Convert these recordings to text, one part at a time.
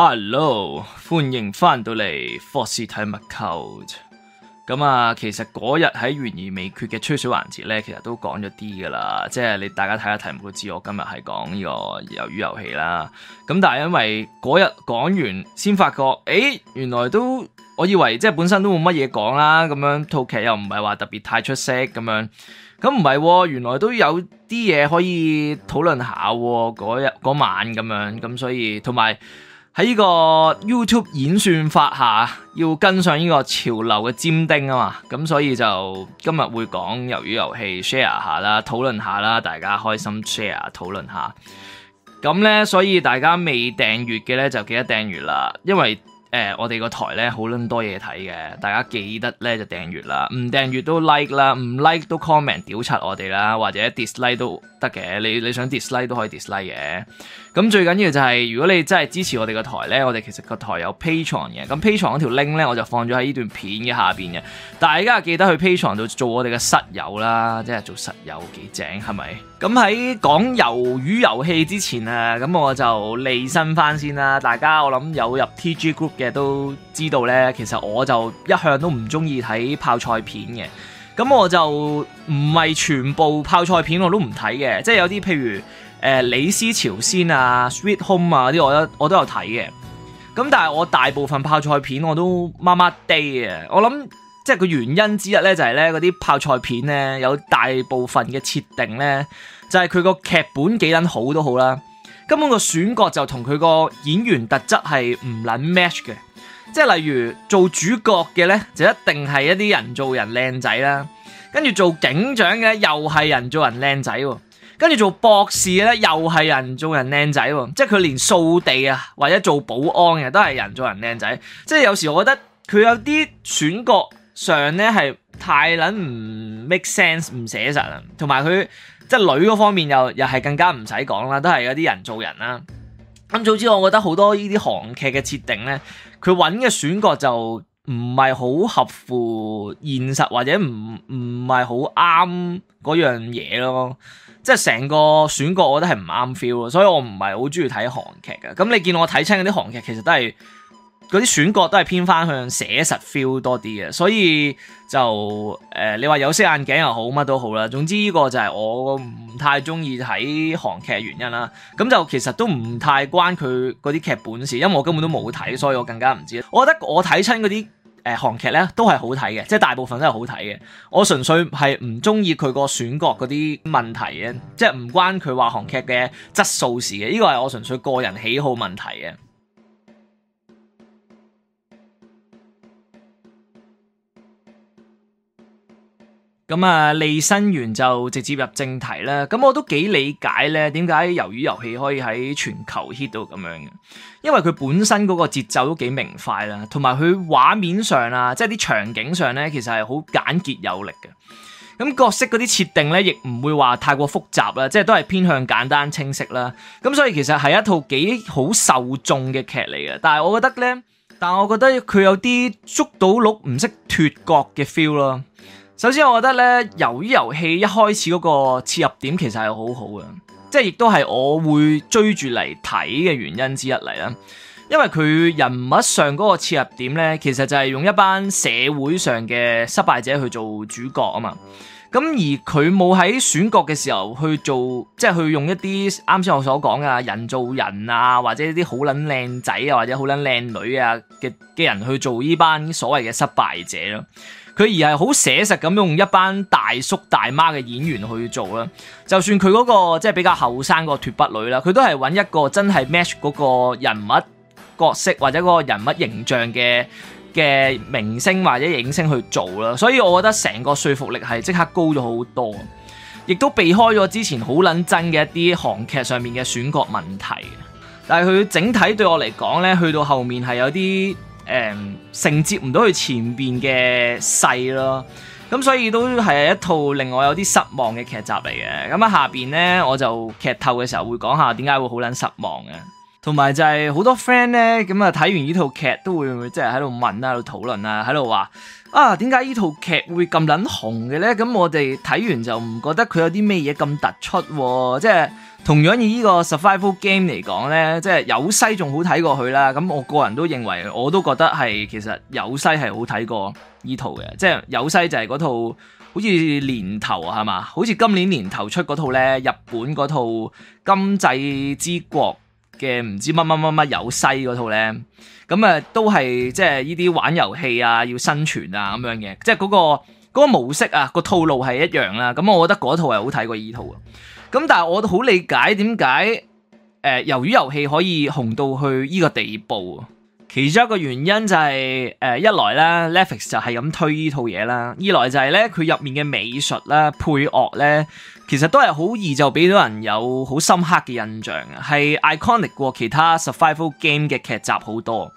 hello，歡迎翻到嚟《f o r c y 體物購》。咁啊，其實嗰日喺懸疑未決嘅吹水環節咧，其實都講咗啲噶啦。即係你大家睇下題目都知，我今日係講呢個魷魚遊戲啦。咁但係因為嗰日講完，先發覺誒，原來都我以為即係本身都冇乜嘢講啦。咁樣套劇又唔係話特別太出色咁樣。咁唔係，原來都有啲嘢可以討論下、哦。嗰日嗰晚咁樣，咁所以同埋。喺呢個 YouTube 演算法下，要跟上呢個潮流嘅尖鈴啊嘛，咁所以就今日會講魷魚遊戲 share 下啦，討論下啦，大家開心 share 討論下。咁呢，所以大家未訂閲嘅呢，就記得訂閲啦，因為。誒、呃，我哋個台咧好撚多嘢睇嘅，大家記得咧就訂閲啦，唔訂閲都 like 啦，唔 like 都 comment 屌柒我哋啦，或者 dislike 都得嘅，你你想 dislike 都可以 dislike 嘅。咁、like like、最緊要就係、是、如果你真係支持我哋個台咧，我哋其實個台有 Patreon 嘅，咁 Patreon 條 link 咧我就放咗喺呢段片嘅下邊嘅。大家記得去 Patreon 度做我哋嘅室友啦，即係做室友幾正係咪？咁喺講魷魚遊戲之前啊，咁我就利申翻先啦。大家我諗有入 TG Group 嘅都知道呢，其實我就一向都唔中意睇泡菜片嘅。咁我就唔係全部泡菜片我都唔睇嘅，即係有啲譬如誒、呃、李屍朝鮮啊、Sweet Home 啊啲，我都我都有睇嘅。咁但係我大部分泡菜片我都麻麻地啊，我諗。即係佢原因之一咧，就係咧嗰啲泡菜片咧，有大部分嘅設定咧，就係佢個劇本幾捻好都好啦，根本個選角就同佢個演員特質係唔捻 match 嘅。即係例如做主角嘅咧，就一定係一啲人做人靚仔啦，跟住做警長嘅又係人做人靚仔，跟住做博士咧又係人做人靚仔。即係佢連掃地啊或者做保安嘅都係人做人靚仔。即係有時我覺得佢有啲選角。上咧係太撚唔 make sense，唔寫實啦，同埋佢即係女嗰方面又又係更加唔使講啦，都係有啲人做人啦。咁早知我覺得好多呢啲韓劇嘅設定咧，佢揾嘅選角就唔係好合乎現實，或者唔唔係好啱嗰樣嘢咯。即係成個選角，我覺得係唔啱 feel，所以我唔係好中意睇韓劇嘅。咁你見我睇清啲韓劇，其實都係。嗰啲選角都係偏翻向寫實 feel 多啲嘅，所以就誒、呃，你話有色眼鏡又好，乜都好啦。總之呢個就係我唔太中意睇韓劇原因啦。咁就其實都唔太關佢嗰啲劇本事，因為我根本都冇睇，所以我更加唔知。我覺得我睇親嗰啲誒韓劇呢都係好睇嘅，即係大部分都係好睇嘅。我純粹係唔中意佢個選角嗰啲問題嘅，即係唔關佢話韓劇嘅質素事嘅。呢個係我純粹個人喜好問題嘅。咁啊，利新元就直接入正題啦。咁我都幾理解咧，點解魷魚遊戲可以喺全球 hit 到咁樣嘅？因為佢本身嗰個節奏都幾明快啦，同埋佢畫面上啊，即係啲場景上咧，其實係好簡潔有力嘅。咁角色嗰啲設定咧，亦唔會話太過複雜啦，即係都係偏向簡單清晰啦。咁所以其實係一套幾好受眾嘅劇嚟嘅。但係我覺得咧，但係我覺得佢有啲捉到鹿唔識脫角嘅 feel 咯。首先，我覺得咧，由於遊戲一開始嗰個切入點其實係好好嘅，即係亦都係我會追住嚟睇嘅原因之一嚟啦。因為佢人物上嗰個切入點咧，其實就係用一班社會上嘅失敗者去做主角啊嘛。咁而佢冇喺選角嘅時候去做，即係去用一啲啱先我所講嘅人造人啊，或者啲好撚靚仔啊，或者好撚靚女啊嘅嘅人去做呢班所謂嘅失敗者咯。佢而係好寫實咁用一班大叔大媽嘅演員去做啦，那個，就算佢嗰個即係比較後生個脱北女啦，佢都係揾一個真係 match 嗰個人物角色或者嗰個人物形象嘅嘅明星或者影星去做啦，所以我覺得成個說服力係即刻高咗好多，亦都避開咗之前好撚真嘅一啲韓劇上面嘅選角問題。但係佢整體對我嚟講呢，去到後面係有啲。誒，承接唔到佢前邊嘅勢咯，咁所以都係一套令我有啲失望嘅劇集嚟嘅。咁啊，下邊咧我就劇透嘅時候會講下點解會好撚失望嘅。同埋就係好多 friend 咧，咁啊睇完呢套劇都會即係喺度問啊，喺度討論啊，喺度話啊點解呢套劇會咁捻紅嘅咧？咁我哋睇完就唔覺得佢有啲咩嘢咁突出，即係同樣以呢個 survival game 嚟講咧，即係有西仲好睇過佢啦。咁我個人都認為，我都覺得係其實有西係好睇過呢套嘅，即係有西就係嗰套好似年頭係嘛，好似今年年頭出嗰套咧，日本嗰套《今際之國》。嘅唔知乜乜乜乜有西嗰套咧，咁啊都係即係呢啲玩遊戲啊，要生存啊咁樣嘅，即係嗰個嗰個模式啊，個套路係一樣啦啊。咁我覺得嗰套係好睇過依套啊。咁但係我都好理解點解誒魷魚遊戲可以紅到去依個地步啊！其中一個原因就係、是，誒、呃、一來咧，Netflix 就係咁推呢套嘢啦；二來就係咧，佢入面嘅美術啦、配樂咧，其實都係好易就俾到人有好深刻嘅印象，係 iconic 過其他 survival game 嘅劇集好多。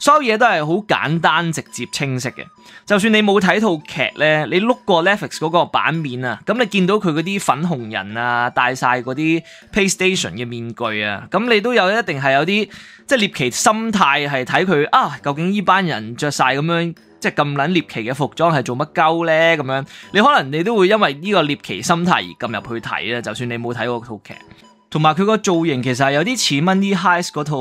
所有嘢都係好簡單、直接、清晰嘅。就算你冇睇套劇呢，你碌過 Netflix 嗰個版面啊，咁你見到佢嗰啲粉紅人啊，戴晒嗰啲 PlayStation 嘅面具啊，咁你都有一定係有啲即係獵奇心態，係睇佢啊，究竟呢班人着晒咁樣即係咁撚獵奇嘅服裝係做乜鳩呢？咁樣你可能你都會因為呢個獵奇心態而撳入去睇啊。就算你冇睇過套劇。同埋佢個造型其實有啲似 Money Heist 嗰套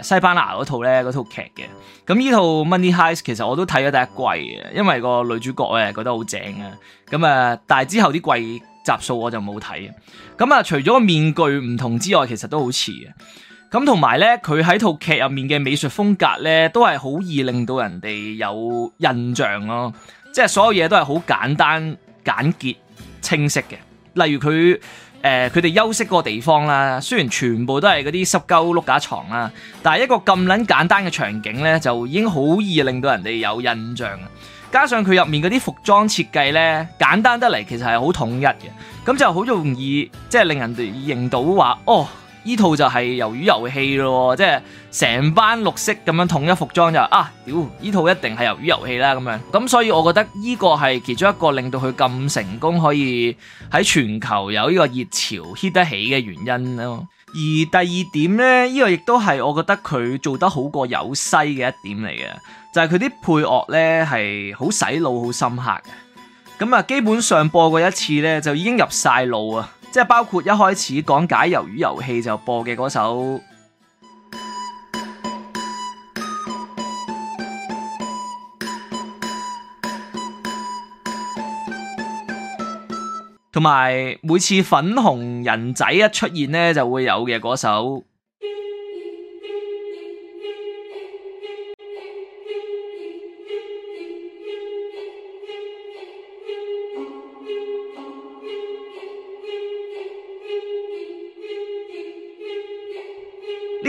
誒西班牙嗰套咧套劇嘅。咁呢套 Money Heist 其實我都睇咗第一季嘅，因為個女主角咧覺得好正啊。咁啊，但係之後啲季集數我就冇睇。咁啊，除咗面具唔同之外，其實都好似嘅。咁同埋咧，佢喺套劇入面嘅美術風格咧，都係好易令到人哋有印象咯。即係所有嘢都係好簡單、簡潔、清晰嘅。例如佢。誒佢哋休息嗰個地方啦，雖然全部都係嗰啲濕鳩碌架床啦，但係一個咁撚簡單嘅場景呢，就已經好易令到人哋有印象。加上佢入面嗰啲服裝設計呢，簡單得嚟，其實係好統一嘅，咁就好容易，即係、就是、令人哋認到話哦。呢套就係魷魚遊戲咯，即係成班綠色咁樣統一服裝就啊屌！呢套一定係魷魚遊戲啦咁樣，咁所以我覺得呢個係其中一個令到佢咁成功可以喺全球有呢個熱潮 hit 得起嘅原因咯。而第二點呢，呢個亦都係我覺得佢做得好過有西嘅一點嚟嘅，就係佢啲配樂呢係好洗腦、好深刻嘅。咁啊，基本上播過一次呢，就已經入晒腦啊！即係包括一開始講解魷魚遊戲就播嘅嗰首，同埋每次粉紅人仔一出現呢就會有嘅嗰首。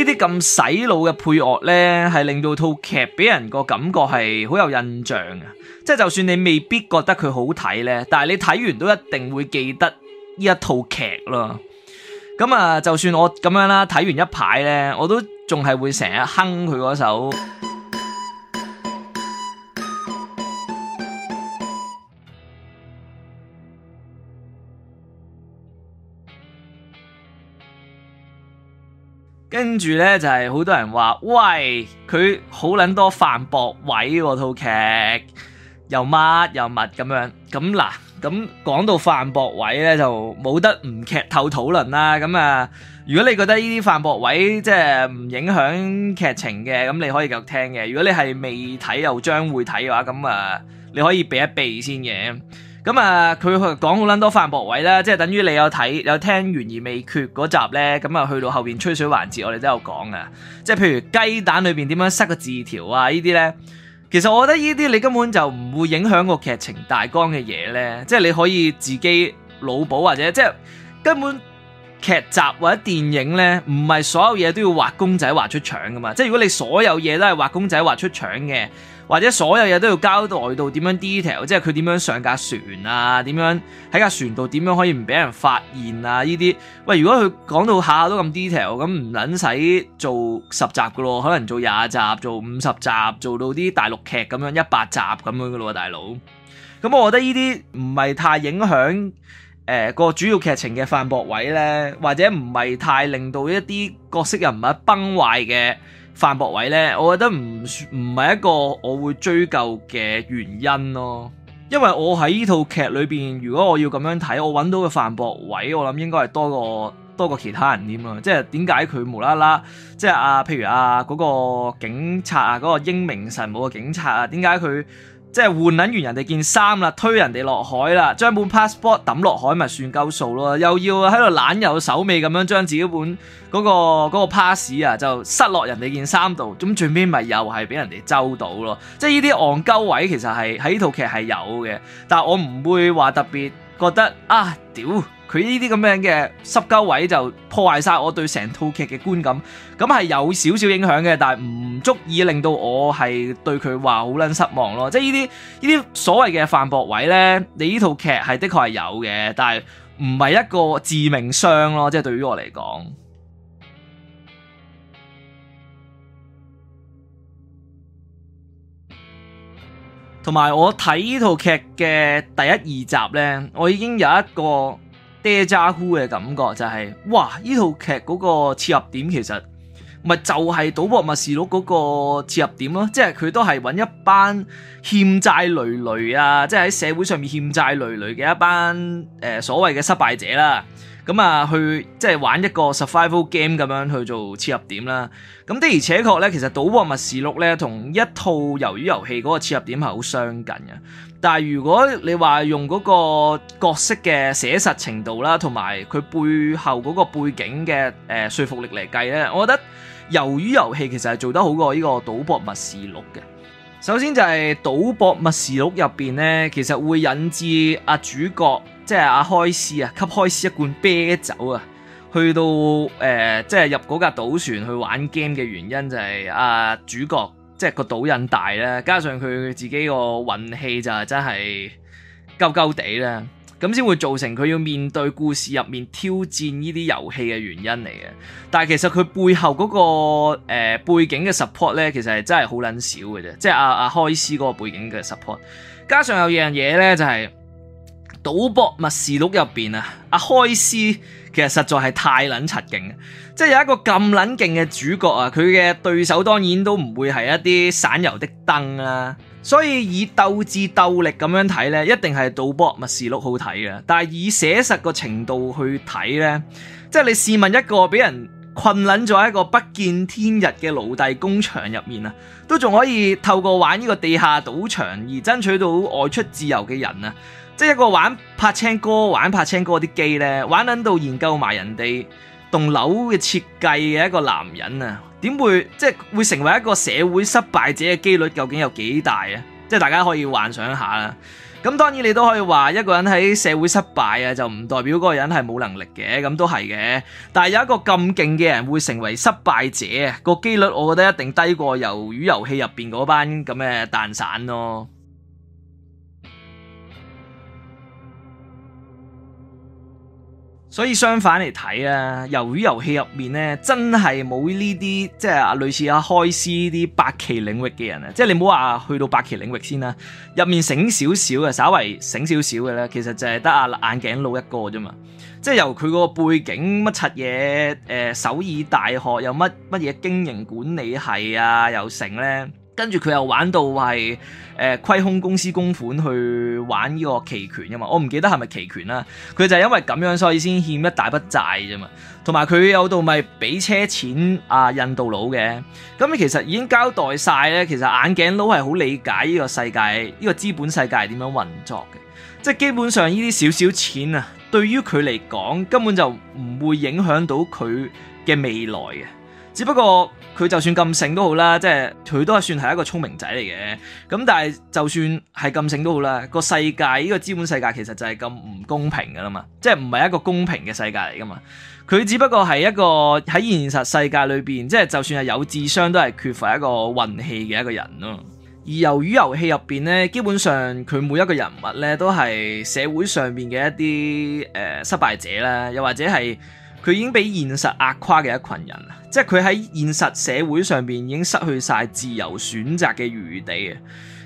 啲咁洗腦嘅配樂呢，係令到套劇俾人個感覺係好有印象啊！即係就算你未必覺得佢好睇呢，但係你睇完都一定會記得呢一套劇咯。咁、嗯、啊，就算我咁樣啦，睇完一排呢，我都仲係會成日哼佢嗰首。跟住呢，就係好多人話，喂佢好捻多犯駁位喎，套劇又乜又乜咁樣。咁嗱，咁講到犯駁位呢，就冇得唔劇透討論啦。咁啊，如果你覺得呢啲犯駁位即係唔影響劇情嘅，咁你可以繼續聽嘅。如果你係未睇又將會睇嘅話，咁啊你可以避一避先嘅。咁啊，佢講好撚多反駁位啦，即係等於你有睇有聽完而未決嗰集呢。咁啊去到後邊吹水環節，我哋都有講啊，即係譬如雞蛋裏邊點樣塞個字條啊，呢啲呢，其實我覺得呢啲你根本就唔會影響個劇情大綱嘅嘢呢。即係你可以自己腦補，或者即係根本劇集或者電影呢，唔係所有嘢都要畫公仔畫出腸噶嘛，即係如果你所有嘢都係畫公仔畫出腸嘅。或者所有嘢都要交代到點樣 detail，即係佢點樣上架船啊，點樣喺架船度點樣可以唔俾人發現啊？呢啲喂，如果佢講到下下都咁 detail，咁唔撚使做十集嘅咯，可能做廿集、做五十集，做到啲大陸劇咁樣一百集咁樣嘅咯，大佬。咁我覺得呢啲唔係太影響誒個主要劇情嘅範博位咧，或者唔係太令到一啲角色人物崩壞嘅。范博偉呢，我覺得唔唔係一個我會追究嘅原因咯，因為我喺呢套劇裏邊，如果我要咁樣睇，我揾到嘅范博偉，我諗應該係多過多過其他人添咯，即係點解佢無啦啦，即係啊，譬如啊嗰個警察啊，嗰個英明神武嘅警察啊，點解佢？即係換撚完人哋件衫啦，推人哋落海啦，將本 passport 抌落海咪算夠數咯，又要喺度懶有手尾咁樣將自己本嗰、嗰個 pass 啊、嗰個、就塞落人哋件衫度，咁最尾咪又係俾人哋周到咯，即係呢啲戇鳩位其實係喺套劇係有嘅，但我唔會話特別覺得啊屌！佢呢啲咁樣嘅濕鳩位就破壞晒我對成套劇嘅觀感，咁係有少少影響嘅，但係唔足以令到我係對佢話好撚失望咯。即係呢啲呢啲所謂嘅犯駁位呢，你呢套劇係的確係有嘅，但係唔係一個致命傷咯。即係對於我嚟講，同埋我睇呢套劇嘅第一、二集呢，我已經有一個。爹揸呼嘅感覺就係、是，哇！呢套劇嗰個切入點其實咪就係《賭博默示錄》嗰個切入點咯，即係佢都係揾一班欠債累累啊，即係喺社會上面欠債累累嘅一班誒、呃、所謂嘅失敗者啦。咁啊，去即係玩一個 survival game 咁樣去做切入點啦。咁的而且確呢，其實《賭博默示錄》呢，同一套魷魚遊戲嗰個切入點係好相近嘅。但係如果你話用嗰個角色嘅寫實程度啦，同埋佢背後嗰個背景嘅誒、呃、說服力嚟計呢，我覺得魷魚遊戲其實係做得好過呢個《賭博默示錄》嘅。首先就係《賭博默示錄》入邊呢，其實會引致阿主角。即係阿開斯啊，畀開斯一罐啤酒啊，去到誒、呃，即係入嗰架賭船去玩 game 嘅原因就係、是、阿、啊、主角即係個賭癮大咧，加上佢自己個運氣就係真係鳩鳩地咧，咁先會造成佢要面對故事入面挑戰呢啲遊戲嘅原因嚟嘅。但係其實佢背後嗰、那個呃、個背景嘅 support 咧，其實係真係好撚少嘅啫。即係阿阿開斯嗰個背景嘅 support，加上有樣嘢咧就係、是。賭博默示錄入邊啊，阿開斯其實實在係太撚柒勁，即係有一個咁撚勁嘅主角啊，佢嘅對手當然都唔會係一啲省油的燈啦，所以以鬥智鬥力咁樣睇呢，一定係賭博默示錄好睇嘅。但係以寫實個程度去睇呢，即係你試問一個俾人困撚咗喺一個不見天日嘅奴隸工場入面啊，都仲可以透過玩呢個地下賭場而爭取到外出自由嘅人啊？即係一個玩拍青歌、玩拍青歌啲機呢，玩緊到研究埋人哋棟樓嘅設計嘅一個男人啊，點會即係會成為一個社會失敗者嘅機率究竟有幾大啊？即係大家可以幻想下啦。咁當然你都可以話一個人喺社會失敗啊，就唔代表嗰個人係冇能力嘅，咁都係嘅。但係有一個咁勁嘅人會成為失敗者，個機率我覺得一定低過魷魚遊戲入邊嗰班咁嘅蛋散咯。所以相反嚟睇啊，由於遊戲入面咧，真係冇呢啲即係類似阿開司啲百旗領域嘅人啊，即係你唔好話去到百旗領域先啦，入面醒少少嘅，稍為醒少少嘅咧，其實就係得阿眼鏡佬一個啫嘛，即係由佢嗰個背景乜柒嘢，誒、呃、首爾大學又乜乜嘢經營管理系啊又成咧。跟住佢又玩到係誒虧空公司公款去玩呢個期權嘅嘛，我唔記得係咪期權啦。佢就係因為咁樣所以先欠一大筆債啫嘛。同埋佢有度咪俾車錢啊印度佬嘅。咁、嗯、其實已經交代晒咧。其實眼鏡佬係好理解呢個世界、呢、呢個資本世界係點樣運作嘅。即係基本上呢啲少少錢啊，對於佢嚟講根本就唔會影響到佢嘅未來嘅。只不過佢就算咁醒都好啦，即係佢都係算係一個聰明仔嚟嘅。咁但係就算係咁醒都好啦，個世界呢、呢個資本世界其實就係咁唔公平噶啦嘛，即係唔係一個公平嘅世界嚟噶嘛。佢只不過係一個喺現實世界裏邊，即係就算係有智商都係缺乏一個運氣嘅一個人咯。而由於遊戲入邊呢，基本上佢每一個人物呢都係社會上面嘅一啲誒失敗者啦，又或者係。佢已經俾現實壓垮嘅一群人，即係佢喺現實社會上邊已經失去晒自由選擇嘅餘地嘅，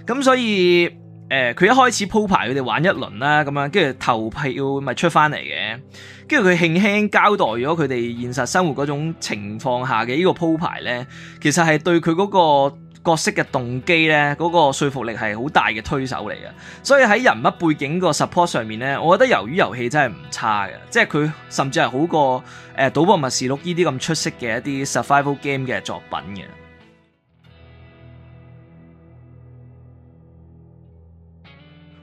咁所以誒，佢、呃、一開始鋪排佢哋玩一輪啦，咁樣跟住頭票咪出翻嚟嘅，跟住佢輕輕交代咗佢哋現實生活嗰種情況下嘅呢個鋪排咧，其實係對佢嗰、那個。角色嘅動機呢，嗰、那個說服力係好大嘅推手嚟嘅，所以喺人物背景個 support 上面呢，我覺得魷魚遊戲真係唔差嘅，即係佢甚至係好過誒、呃《賭博默示錄》呢啲咁出色嘅一啲 survival game 嘅作品嘅。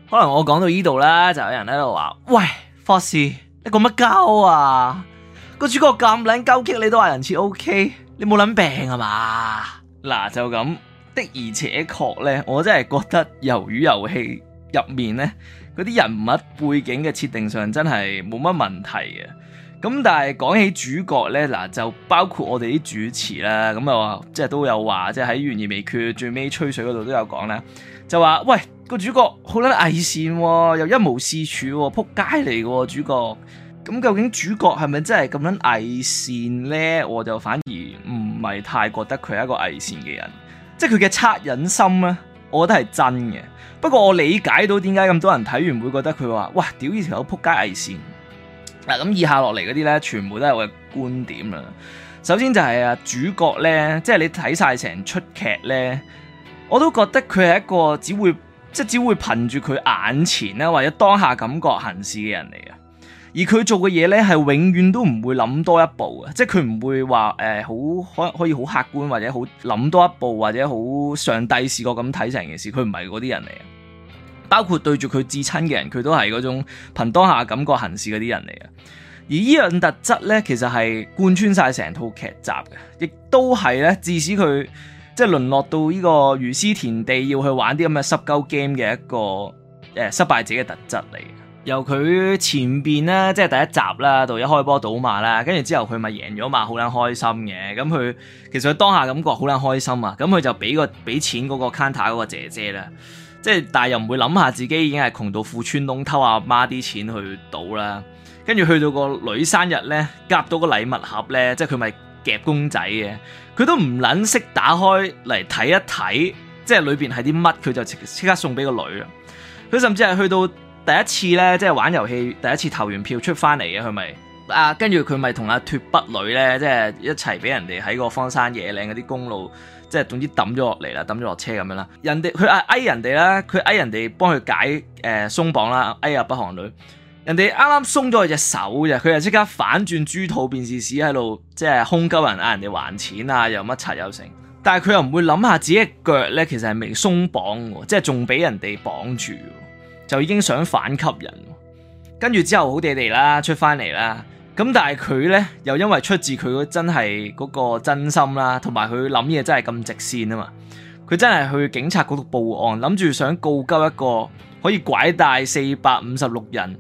可能我講到呢度呢，就有人喺度話，喂，博士，你講乜交啊？個主角咁撚鳩激，你都話人設 OK？你冇諗病啊嘛？嗱，就咁。的而且確咧，我真係覺得魷魚遊戲入面咧，嗰啲人物背景嘅設定上真係冇乜問題嘅。咁但係講起主角咧，嗱就包括我哋啲主持啦，咁啊即係都有話，即係喺懸而未決最尾吹水嗰度都有講啦，就話喂個主角好撚偽善、啊，又一無是處、啊，撲街嚟嘅、啊、主角。咁究竟主角係咪真係咁撚偽善咧？我就反而唔係太覺得佢係一個偽善嘅人。即係佢嘅惻隱心咧，我覺得係真嘅。不過我理解到點解咁多人睇完會覺得佢話：哇，屌！呢條友扑街偽善。嗱、啊、咁、嗯、以下落嚟嗰啲咧，全部都係我嘅觀點啦。首先就係啊，主角咧，即係你睇晒成出劇咧，我都覺得佢係一個只會即係只會憑住佢眼前咧，或者當下感覺行事嘅人嚟嘅。而佢做嘅嘢呢，係永遠都唔會諗多一步嘅，即係佢唔會話誒好可可以好客觀或者好諗多一步或者好上帝視覺咁睇成件事，佢唔係嗰啲人嚟嘅，包括對住佢至親嘅人，佢都係嗰種憑當下感覺行事嗰啲人嚟嘅。而呢樣特質呢，其實係貫穿晒成套劇集嘅，亦都係呢，致使佢即係淪落到呢個如斯田地要去玩啲咁嘅濕鳩 game 嘅一個誒、呃、失敗者嘅特質嚟。由佢前邊咧，即係第一集啦，到一開波賭馬啦，跟住之後佢咪贏咗馬，好撚開心嘅。咁佢其實佢當下感覺好撚開心啊，咁佢就俾個俾錢嗰個 counter 嗰個姐姐啦，即係但係又唔會諗下自己已經係窮到褲穿窿，偷阿媽啲錢去賭啦。跟住去到個女生日咧，夾到個禮物盒咧，即係佢咪夾公仔嘅，佢都唔撚識打開嚟睇一睇，即係裏邊係啲乜，佢就即刻送俾個女啊。佢甚至係去到。第一次呢，即係玩遊戲，第一次投完票出翻嚟嘅，佢咪啊，跟住佢咪同阿脫北女呢，即係一齊俾人哋喺個荒山野嶺嗰啲公路，即係總之抌咗落嚟啦，抌咗落車咁樣啦。人哋佢啊人哋啦，佢誒人哋幫佢解誒、呃、鬆綁啦，誒阿北韓女，人哋啱啱鬆咗佢隻手啫，佢就即刻反轉豬肚變屎屎喺度，即係兇鳩人，嗌、啊、人哋還錢啊，又乜柒又成，但係佢又唔會諗下自己腳呢，其實係未鬆綁喎，即係仲俾人哋綁住。就已經想反吸人，跟住之後好地地啦，出翻嚟啦，咁但係佢呢，又因為出自佢嗰真係嗰個真心啦，同埋佢諗嘢真係咁直線啊嘛，佢真係去警察局度報案，諗住想告急一個可以拐帶四百五十六人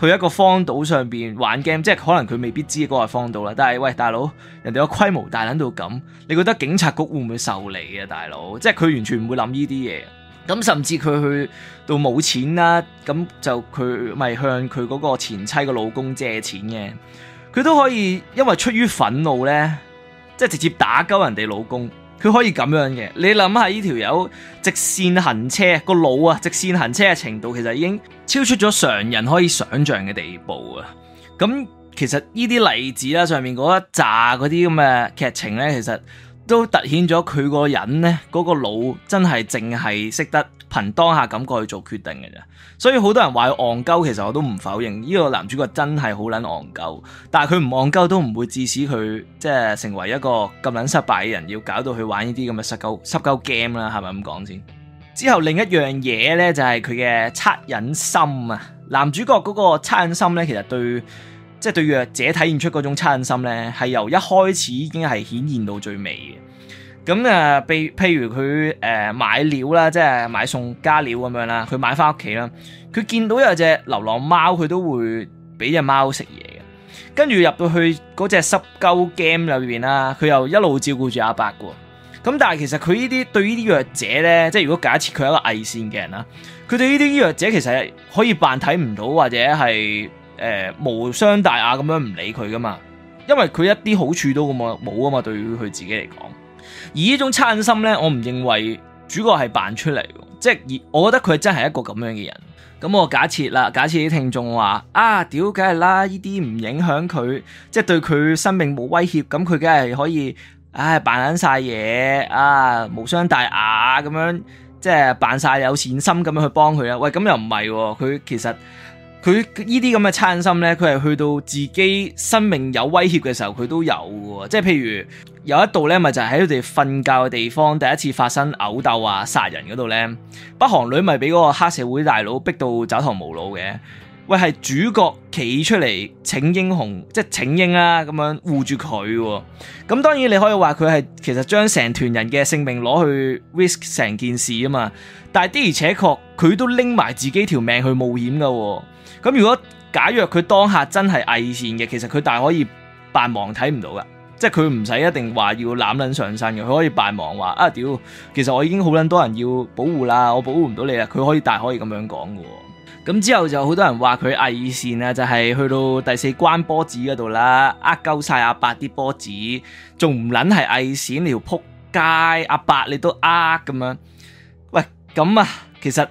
去一個荒島上邊玩 game，即係可能佢未必知嗰個係荒島啦。但係喂，大佬，人哋個規模大到咁，你覺得警察局會唔會受理啊，大佬？即係佢完全唔會諗呢啲嘢。咁甚至佢去到冇錢啦，咁就佢咪向佢嗰個前妻個老公借錢嘅，佢都可以因為出於憤怒呢，即係直接打鳩人哋老公，佢可以咁樣嘅。你諗下呢條友直線行車，個腦啊直線行車嘅程度其實已經超出咗常人可以想象嘅地步啊！咁其實呢啲例子啦，上面嗰一紮嗰啲咁嘅劇情呢，其實～都凸顯咗佢個人呢嗰個腦真係淨係識得憑當下感覺去做決定嘅啫。所以好多人話佢戇鳩，其實我都唔否認。呢個男主角真係好捻戇鳩，但係佢唔戇鳩都唔會致使佢即係成為一個咁捻失敗嘅人，要搞到去玩是是呢啲咁嘅失鳩失鳩 game 啦，係咪咁講先？之後另一樣嘢呢，就係佢嘅惻隱心啊！男主角嗰個惻隱心呢，其實對。即係對弱者體現出嗰種惻隱心咧，係由一開始已經係顯現到最尾嘅。咁啊、呃，譬譬如佢誒、呃、買料啦，即係買餸加料咁樣啦，佢買翻屋企啦，佢見到有隻流浪貓，佢都會俾隻貓食嘢嘅。跟住入到去嗰隻濕鳩 game 裏邊啦，佢又一路照顧住阿伯噶。咁但係其實佢呢啲對呢啲弱者咧，即係如果假設佢係一個偽善嘅人啦，佢對呢啲弱者其實可以扮睇唔到或者係。誒、呃，無傷大雅咁樣唔理佢噶嘛？因為佢一啲好處都咁啊冇啊嘛，對於佢自己嚟講。而呢種貪心咧，我唔認為主角係扮出嚟，即係，我覺得佢真係一個咁樣嘅人。咁我假設啦，假設啲聽眾話，啊，屌梗係啦，呢啲唔影響佢，即係對佢生命冇威脅，咁佢梗係可以，唉，扮緊晒嘢，啊，無傷大雅咁樣，即係扮晒有善心咁樣去幫佢啦。喂，咁又唔係，啊，佢其實。佢呢啲咁嘅貪心呢，佢係去到自己生命有威脅嘅時候，佢都有嘅。即係譬如有一度呢，咪就係喺佢哋瞓覺嘅地方，第一次發生毆鬥啊、殺人嗰度呢。北韓女咪俾嗰個黑社會大佬逼到走投無路嘅。喂，係主角企出嚟請英雄，即係請纓啊咁樣護住佢、哦。咁當然你可以話佢係其實將成團人嘅性命攞去 risk 成件事啊嘛。但係的而且確，佢都拎埋自己條命去冒險嘅、哦。咁如果假若佢當下真係偽善嘅，其實佢大可以扮忙睇唔到噶，即係佢唔使一定話要攬撚上身嘅，佢可以扮忙話啊屌，其實我已經好撚多人要保護啦，我保護唔到你啦。佢可以大可以咁樣講嘅喎。咁之後就好多人話佢偽善呀，就係去到第四關波子嗰度啦，呃鳩晒阿伯啲波子，仲唔撚係偽善你條撲街？阿伯你都呃咁樣？喂，咁啊，其實。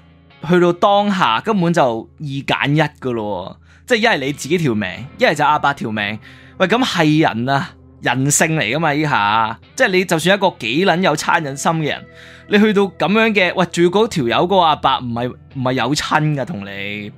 去到當下根本就二揀一㗎咯，即係一係你自己條命，一係就阿伯條命。喂，咁係人啊，人性嚟㗎嘛呢下，即係你就算一個幾撚有惻隱心嘅人，你去到咁樣嘅，喂住嗰條友嗰個阿伯唔係唔係有親㗎同你。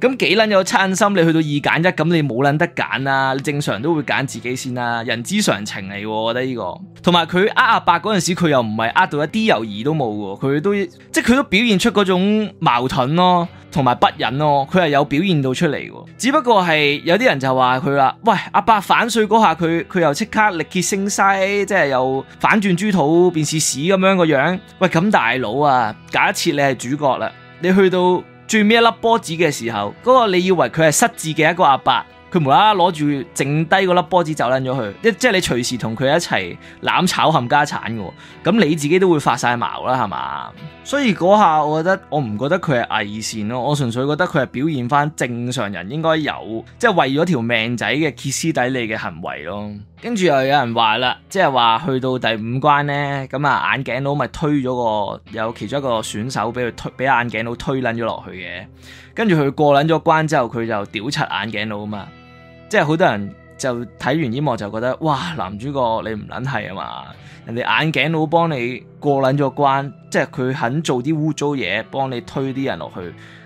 咁幾撚有貪心？你去到二揀一，咁你冇撚得揀啊。你正常都會揀自己先啦，人之常情嚟。我覺得呢個同埋佢呃阿伯嗰陣時，佢又唔係呃到一啲猶豫都冇喎，佢都即係佢都表現出嗰種矛盾咯，同埋不忍咯，佢係有表現到出嚟。只不過係有啲人就話佢啦，喂阿伯反水嗰下，佢佢又即刻力竭聲嘶，即係又反轉豬肚變屎屎咁樣個樣。喂咁大佬啊，假設你係主角啦，你去到。最尾一粒波子嘅時候，嗰、那個你以為佢係失智嘅一個阿伯，佢無啦啦攞住剩低嗰粒波子走撚咗佢。即一即係你隨時同佢一齊攬炒冚家產嘅，咁你自己都會發晒毛啦，係嘛？所以嗰下我覺得我唔覺得佢係偽善咯，我純粹覺得佢係表現翻正常人應該有，即、就、係、是、為咗條命仔嘅歇斯底里嘅行為咯。跟住又有人話啦，即係話去到第五關呢，咁啊眼鏡佬咪推咗個有其中一個選手俾佢推，俾眼鏡佬推撚咗落去嘅。跟住佢過撚咗關之後，佢就屌柒眼鏡佬啊嘛！即係好多人就睇完呢幕就覺得，哇！男主角你唔撚係啊嘛，人哋眼鏡佬幫你過撚咗關，即係佢肯做啲污糟嘢，幫你推啲人落去，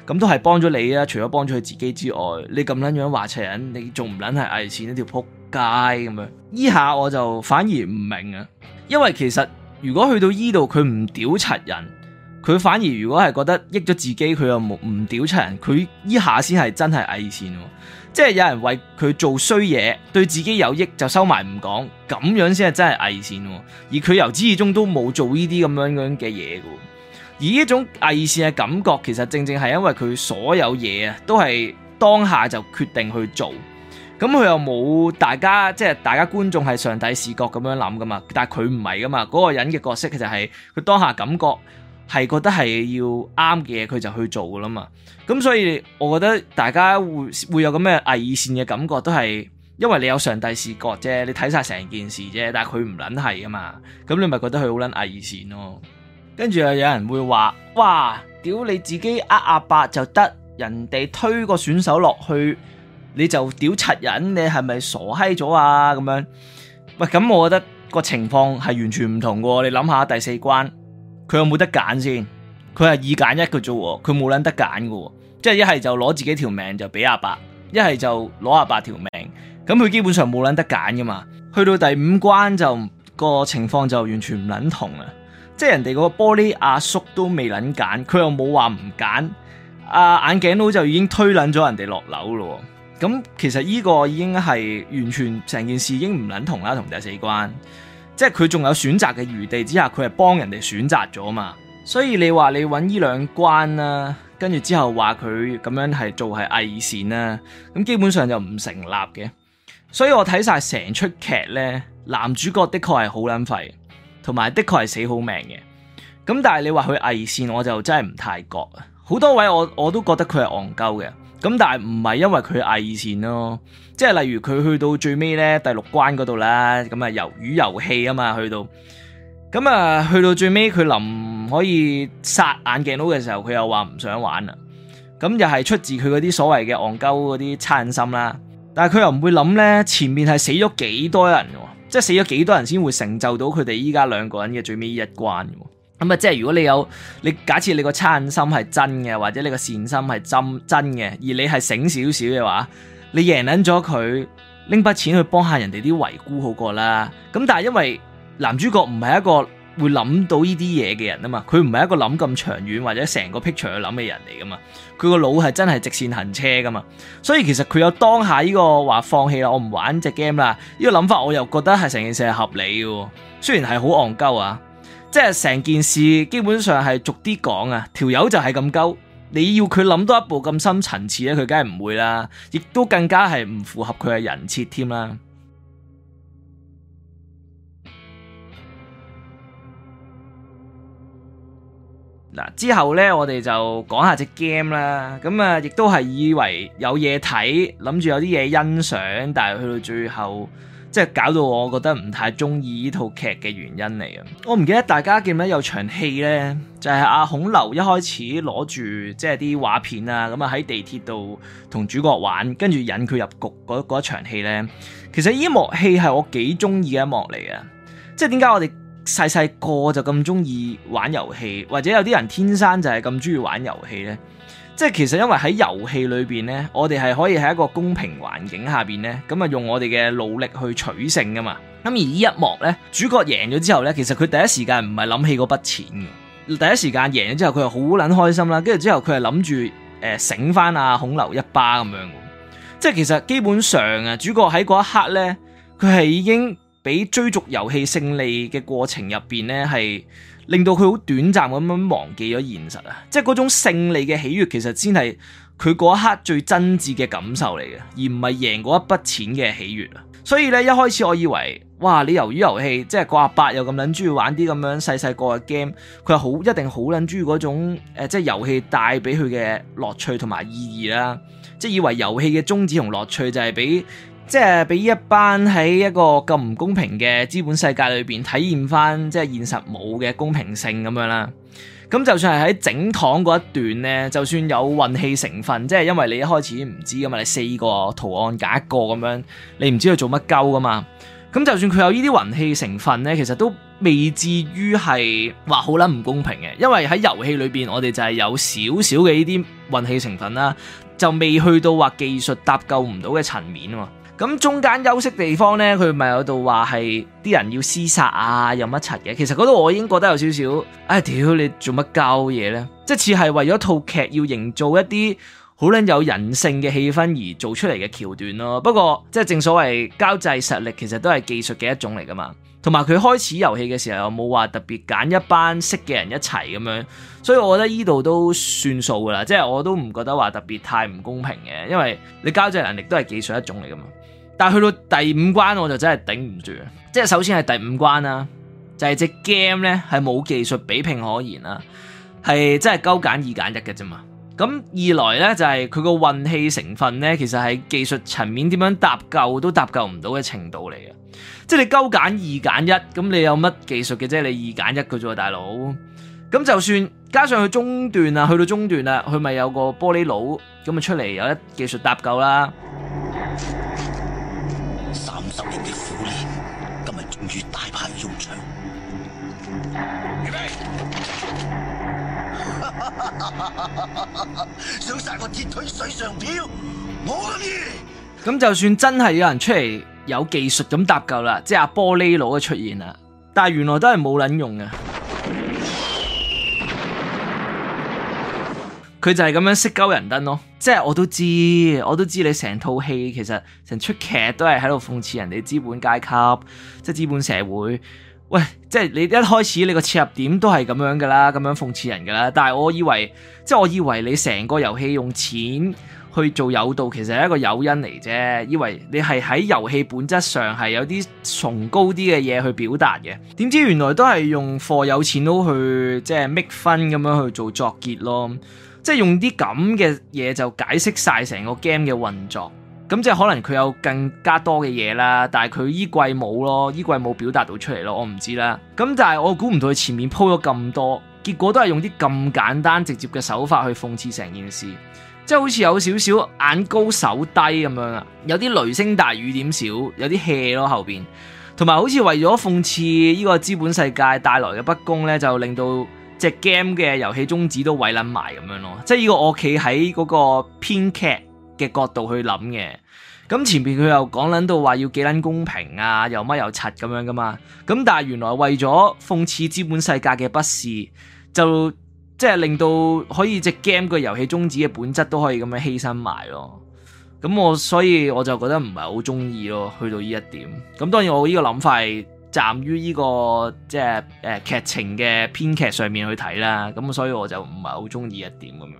咁都係幫咗你啊！除咗幫咗佢自己之外，你咁撚樣話齊人，你仲唔撚係偽善呢條仆？街咁樣，依下我就反而唔明啊，因為其實如果去到依度，佢唔屌柒人，佢反而如果係覺得益咗自己，佢又冇唔屌柒人，佢依下先係真係偽善，即係有人為佢做衰嘢，對自己有益就收埋唔講，咁樣先係真係偽善，而佢由始至終都冇做呢啲咁樣樣嘅嘢噶，而呢種偽善嘅感覺，其實正正係因為佢所有嘢啊，都係當下就決定去做。咁佢又冇大家，即係大家觀眾係上帝視角咁樣諗噶嘛，但係佢唔係噶嘛，嗰個人嘅角色就係佢當下感覺係覺得係要啱嘅嘢，佢就去做噶啦嘛。咁所以我覺得大家會會有咁嘅偽善嘅感覺，都係因為你有上帝視角啫，你睇晒成件事啫。但係佢唔撚係噶嘛，咁你咪覺得佢好撚偽善咯。跟住又有人會話，哇，屌你自己呃阿伯就得，人哋推個選手落去。你就屌柒人，你係咪傻閪咗啊？咁樣喂，咁我覺得個情況係完全唔同噶。你諗下第四關，佢有冇得揀先？佢係二揀一個啫，佢冇撚得揀噶。即係一係就攞自己條命就俾阿伯，一係就攞阿伯條命。咁佢基本上冇撚得揀噶嘛。去到第五關就個情況就完全唔撚同啦。即係人哋個玻璃阿叔都未撚揀，佢又冇話唔揀。阿眼鏡佬就已經推撚咗人哋落樓咯。咁其實呢個已經係完全成件事已經唔捻同啦，同第四關，即係佢仲有選擇嘅餘地之下，佢係幫人哋選擇咗嘛。所以你話你揾呢兩關啦，跟住之後話佢咁樣係做係偽善啦，咁基本上就唔成立嘅。所以我睇晒成出劇呢，男主角的確係好捻廢，同埋的確係死好命嘅。咁但係你話佢偽善，我就真係唔太覺。好多位我我都覺得佢係戇鳩嘅。咁但係唔係因為佢偽善咯，即係例如佢去到最尾咧第六關嗰度啦，咁啊魷魚遊戲啊嘛去到，咁啊去到最尾佢臨可以殺眼鏡佬嘅時候，佢又話唔想玩啦，咁又係出自佢嗰啲所謂嘅戇鳩嗰啲餐心啦。但係佢又唔會諗咧，前面係死咗幾多人，即係死咗幾多人先會成就到佢哋依家兩個人嘅最尾一關喎。咁啊，即係如果你有，你假設你個貪心係真嘅，或者你個善心係真真嘅，而你係醒少少嘅話，你贏撚咗佢，拎筆錢去幫下人哋啲遺孤好過啦。咁但係因為男主角唔係一個會諗到呢啲嘢嘅人啊嘛，佢唔係一個諗咁長遠或者成個 picture 去諗嘅人嚟噶嘛，佢個腦係真係直線行車噶嘛，所以其實佢有當下呢個話放棄啦，我唔玩隻 game 啦呢個諗法，我又覺得係成件事係合理嘅，雖然係好戇鳩啊。即係成件事基本上係逐啲講啊，條友就係咁鳩，你要佢諗多一步咁深層次咧，佢梗係唔會啦，亦都更加係唔符合佢嘅人設添啦。嗱 之後咧，我哋就講下隻 game 啦，咁啊，亦都係以為有嘢睇，諗住有啲嘢欣賞，但係去到最後。即係搞到我覺得唔太中意呢套劇嘅原因嚟啊！我唔記得大家記唔記得有場戲呢？就係阿孔劉一開始攞住即係啲畫片啊，咁啊喺地鐵度同主角玩，跟住引佢入局嗰嗰一場戲咧。其實呢幕戲係我幾中意嘅一幕嚟啊！即係點解我哋細細個就咁中意玩遊戲，或者有啲人天生就係咁中意玩遊戲呢？即係其實因為喺遊戲裏邊呢，我哋係可以喺一個公平環境下邊呢，咁啊用我哋嘅努力去取勝噶嘛。咁而呢一幕呢，主角贏咗之後呢，其實佢第一時間唔係諗起嗰筆錢嘅，第一時間贏咗之後佢係好撚開心啦。跟住之後佢係諗住誒醒翻啊孔劉一巴咁樣。即係其實基本上啊，主角喺嗰一刻呢，佢係已經俾追逐遊戲勝利嘅過程入邊呢係。令到佢好短暫咁樣忘記咗現實啊！即係嗰種勝利嘅喜悅，其實先係佢嗰一刻最真摯嘅感受嚟嘅，而唔係贏嗰一筆錢嘅喜悅啊！所以咧，一開始我以為，哇！你由於遊戲，即係個阿伯又咁撚中意玩啲咁樣細細個嘅 game，佢係好一定好撚中意嗰種誒，即係遊戲帶俾佢嘅樂趣同埋意義啦！即係以為遊戲嘅宗旨同樂趣就係俾。即係俾一班喺一個咁唔公平嘅資本世界裏邊體驗翻，即係現實冇嘅公平性咁樣啦。咁就算係喺整堂嗰一段呢，就算有運氣成分，即係因為你一開始唔知噶嘛，你四個圖案揀一個咁樣，你唔知佢做乜鳩噶嘛。咁就算佢有呢啲運氣成分呢，其實都未至於係話好撚唔公平嘅，因為喺遊戲裏邊，我哋就係有少少嘅呢啲運氣成分啦，啊，就未去到話技術搭救唔到嘅層面啊嘛。咁中間休息地方呢，佢咪有度話係啲人要廝殺啊，有乜柒嘅？其實嗰度我已經覺得有少少，唉屌你做乜交嘢呢？即似係為咗套劇要營造一啲好撚有人性嘅氣氛而做出嚟嘅橋段咯。不過即係正所謂交際實力其實都係技術嘅一種嚟噶嘛，同埋佢開始遊戲嘅時候又冇話特別揀一班識嘅人一齊咁樣，所以我覺得呢度都算數噶啦。即係我都唔覺得話特別太唔公平嘅，因為你交際能力都係技術一種嚟噶嘛。但去到第五關我就真係頂唔住，即係首先係第五關啦，就係隻 game 咧，係冇技術比拼可言啦，係真係勾揀二揀一嘅啫嘛。咁二來咧，就係佢個運氣成分咧，其實係技術層面點樣搭救都搭救唔到嘅程度嚟嘅，即係你勾揀二揀一，咁你有乜技術嘅啫？就是，你二揀一嘅啫，大佬。咁就算加上佢中段啊，去到中段啊，佢咪有個玻璃佬咁啊出嚟有啲技術搭救啦。 想殺我鐵腿水上漂，冇諗住咁就算。真係有人出嚟有技術咁搭救啦，即係阿玻璃佬嘅出現啦，但係原來都係冇捻用嘅。佢 就係咁樣識鳩人燈咯，即係我都知，我都知你成套戲其實成出劇都係喺度諷刺人哋資本階級，即係資本社會。喂，即係你一開始你個切入點都係咁樣㗎啦，咁樣諷刺人㗎啦。但係我以為，即係我以為你成個遊戲用錢去做誘導，其實係一個誘因嚟啫。以為你係喺遊戲本質上係有啲崇高啲嘅嘢去表達嘅。點知原來都係用貨有錢佬去即係搣分咁樣去做作結咯。即係用啲咁嘅嘢就解釋晒成個 game 嘅運作。咁即係可能佢有更加多嘅嘢啦，但係佢衣櫃冇咯，衣櫃冇表達到出嚟咯，我唔知啦。咁但係我估唔到佢前面鋪咗咁多，結果都係用啲咁簡單直接嘅手法去諷刺成件事，即係好似有少少眼高手低咁樣啦，有啲雷聲大雨點少，有啲 hea 咯後邊，同埋好似為咗諷刺呢個資本世界帶來嘅不公呢，就令到隻 game 嘅遊戲宗旨都毀捻埋咁樣咯。即係呢個我企喺嗰個編劇。嘅角度去諗嘅，咁前邊佢又講捻到話要幾捻公平啊，又乜又柒咁樣噶嘛，咁但係原來為咗諷刺資本世界嘅不是，就即係、就是、令到可以隻 game 個遊戲宗旨嘅本質都可以咁樣犧牲埋咯，咁我所以我就覺得唔係好中意咯，去到呢一點，咁當然我呢個諗法係站於呢、這個即係劇情嘅編劇上面去睇啦，咁所以我就唔係好中意一點咁樣。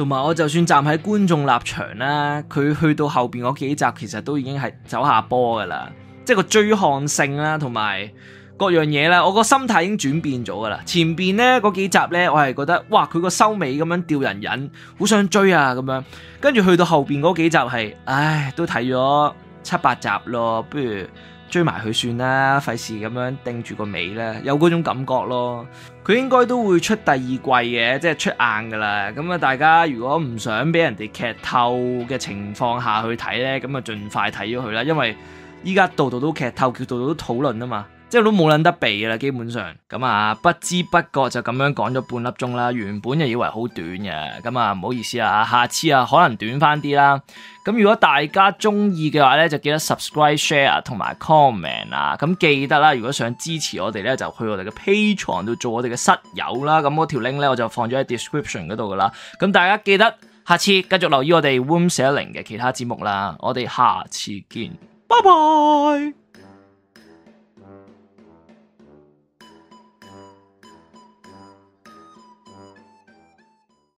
同埋，我就算站喺觀眾立場啦，佢去到後邊嗰幾集，其實都已經係走下坡㗎喇。即係個追看性啦，同埋各樣嘢啦，我個心態已經轉變咗㗎喇。前邊呢嗰幾集呢，我係覺得哇，佢個收尾咁樣吊人癮，好想追啊咁樣。跟住去到後邊嗰幾集係，唉，都睇咗七八集咯，不如。追埋佢算啦，費事咁樣盯住個尾啦，有嗰種感覺咯。佢應該都會出第二季嘅，即係出硬㗎喇。咁啊，大家如果唔想俾人哋劇透嘅情況下去睇咧，咁啊，盡快睇咗佢啦。因為依家度度都劇透，叫度度都討論啊嘛。即係都冇捻得避噶啦，基本上咁啊，不知不覺就咁樣講咗半粒鐘啦。原本就以為好短嘅，咁啊唔好意思啊，下次啊可能短翻啲啦。咁如果大家中意嘅話呢，就記得 subscribe、share 同埋 comment 啊。咁記得啦、啊，如果想支持我哋呢，就去我哋嘅 Patreon 度做我哋嘅室友啦。咁嗰條 link 呢，我就放咗喺 description 嗰度噶啦。咁大家記得下次繼續留意我哋 Room 四一零嘅其他節目啦。我哋下次見，拜拜。